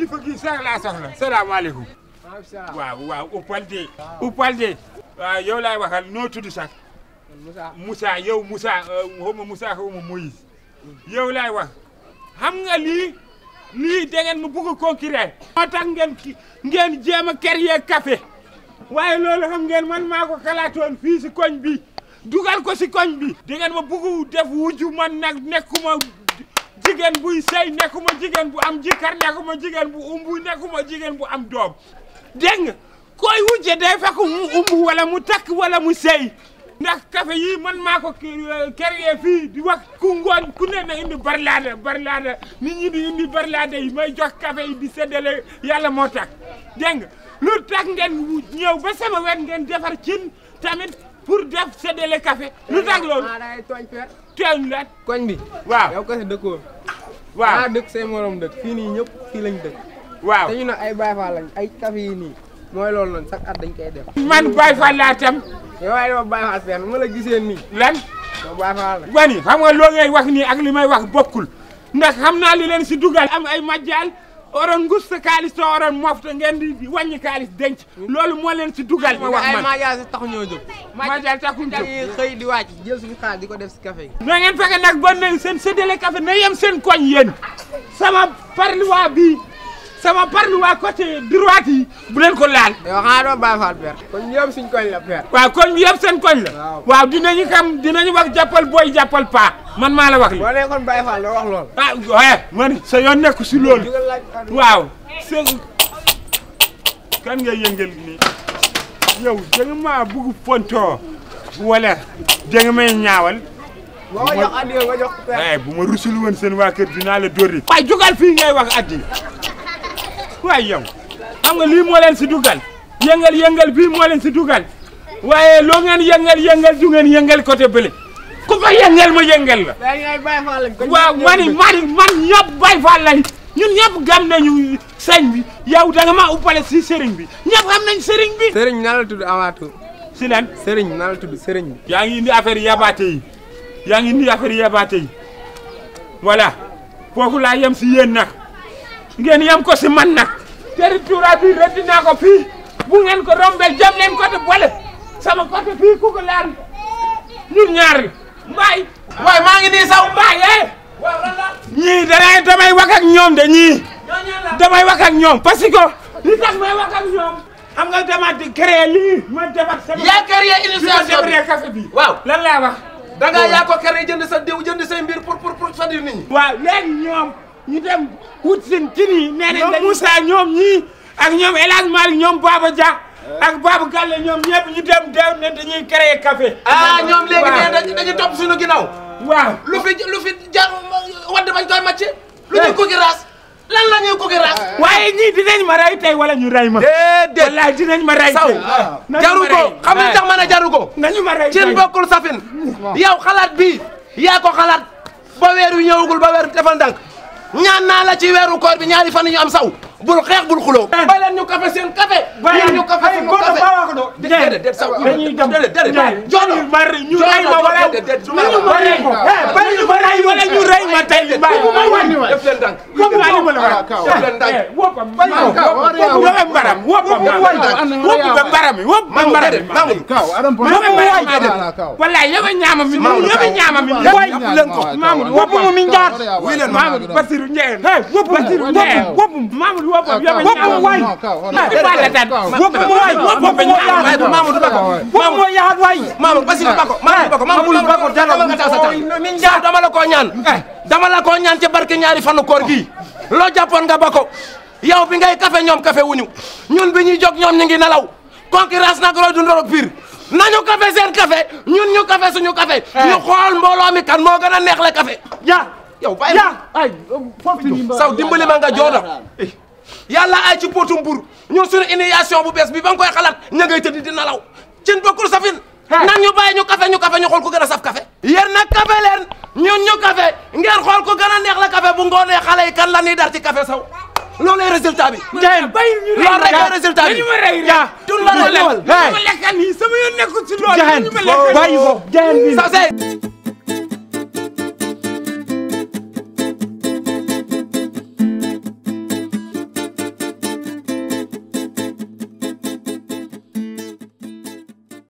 kilifa gi sax laa soxla salaamaaleykum. waaw waaw Uppalde. Uppalde. waaw yow laay waxal noo tudd sax. Moussa Moussa yow Moussa euh, xaw ma Moussa xaw ma Moïse. yow laay nga lii lii da ngeen ma bëgg a concurrent. moo tax ngeen ki ngeen jéem a waaye loolu xam ngeen man maa ko fii si koñ bi dugal ko si koñ bi. da ngeen ma bëgg def wujju man nag nekkuma. jigéen buy sey sëy nekkuma jigéen bu am jikkar nekkuma jigéen bu umbu nekkuma jigéen bu am doom dégg nga koy wujje day fekk mu umbu wala mu takk wala mu sey ndax café yii man maa ko euh, créé fii di wax ku ngoon ku ne na indi barlaada barlaada nit ñi indi barlaada yi may jox café yi di séddale yàlla moo tax dégg nga lu tax ngeen ñëw ba sama wet ngeen defar cin tamit pour def séddale café lu tax loolu. ah da ngay tooñ père. teel na koñ bi. waaw yow kese dëkkoo. waaw dëkk say morom dëkk fii ñëpp fii lañ dëkk. waa te ñu ne ay Baye Fall ay café nii mooy loolu lañ chaque at dañ koy def. man Baye Fall laa tam. yow waaye dama Baye Fall fenn ma la gisee nii. lan. yow Baye Fall wani xam nga loo ngay wax nii ak li may wax bokkul ndax xam naa li leen si dugal. am ay majjal. waroon ngus sa kaalis soo waroon mofta ngeen di wàññi kaalis denc. loolu moo leen si dugal. ma wax man ay majaas taxu ñoo jóg. majaas taxu ñoo jóg dañuy xëy di wàcc jël suñu xaalis di ko def si café gi. na ngeen fexe nag ba ne seen séddale café na yem seen koñ yéen sama parluwa bii. sama parmi waa côté droite yi bu leen ko laal. yow xanaa doon Baye Fall père. la père. waaw kon ñu yëpp seen koñ la. waaw dinañu xam jàppal booy jàppal paa man maa la wax lii. boo nekkoon Baye Fall ah, man sa yoon nekk si loolu. waaw. kan nga yëngal nii yow danga maa bugg pontoo wala danga may ñaawal. bu ma jox addi nga bu ma rusul woon seen waa kër dinaa la dóor. waaye jógal fii ngay wax addi. waaye yow xam nga lii moo leen si dugal yëngal yëngal bii moo leen si dugal waaye loo ngeen yëngal yëngal ju ngeen yëngal côté bële ku fa yëngal ma yëngal la. waaw man man man ñëpp Baay Faal lañ ñun ñëpp gam nañu sëñ bi yow danga maa uppale si sëriñ bi ñëpp xam nañ sëriñ bi. sëriñ na la tudd Amathou. si lan sëriñ yaa ngi indi affaire yabaate yi yaa ngi indi affaire yabaate laa yem si yéen nag. ngeen yam ko si man nag territoire bi rëdd ko fii bu ngeen ko rombee jam leen côté boole sama côté fii ku ko laal ñun ñaar mbaay waaye maa ngi nii sa mbaay eh ñii danay damay wax ak ñoom de ñii damay wax ñoom parce que li tax may wax ak ñoom xam nga dama di créé lii ma defar sama yaa créé initiation bi waaw lan laa wax da sa diw jënd say mbir pour pour pour sa diw nit ñi ñoom ñu dem wut seen cin yi. nee nañ dañuy Moussa ñoom ñii ak ñoom El Hadj Malick ñoom Baba Dia. ak Baba Galle ñoom ñëpp ñu dem dem ne dañuy créer café. ah ñoom léegi nee dañuy topp suñu ginnaaw. waaw lu fi lu fi ja wadd bañ ma màcce. lu ñu ko giraas lan la ñuy ko giraas. waaye ñii dinañ ma rey tey wala ñu rey ma. déedéet wallaahi dinañ ma rey tey. Ah. jaru ko xam nga tax ma ne jaru ko. nañu ma rey tey cin bokkul safin. yow xalaat bi yaa ko xalaat ba weer wi ñëwagul ba weer defal ñaan naa la ci weeru koor bi ñaari fan ñu am saw bul xeex bul xuloo. Eh. bàyyi leen ñu café seen café. bàyyi leen ñu café seen café déedéet sax dañuy dem déedéet jono ñu rey ma wala ñu rey ma tey mbaay def leen dànk ma la wax def leen dànk wopam mbaram wopam wopam mbaram wopam mbaram mbaram kaw adam po wallahi yaba ñaama mi yaba ñaama mi way leen ko woppam woppam waay woppam waay woppam moo yaatu Mamadou Bako woppam moo Bako Mamadou Bako Bako dara dama la ko ñaan eh. dama barke ñaari fanu koor gi loo jàppoon nga Bako yow bi ngay café ñoom café wuñu ñun bi ñuy jóg ñoom ñu ngi nelaw concurrence nag looy dundal ak na nañu café seen café ñun ñu café suñu café eh. ñu xool mbooloo kan moo gën a neex la café ya yow saw dimbali ma nga jooda eh. yàlla ay ci póotum bur ñun suñu innovation bu bees bi ba nga koy xalaat ña ngay tëdd di nalaw cin bokkul safin nan ñu bàyyi ñu café ñu café ñu xool ko a saf café yéen nag café leen ñun ñu café ngeen xool ko gën a la café bu ngoonee xale yi kan la dar ci café saw loolu ay résultat bi. jaayeen loolu rek ay résultat bi jaa tun la lay ñëwal. jaayeen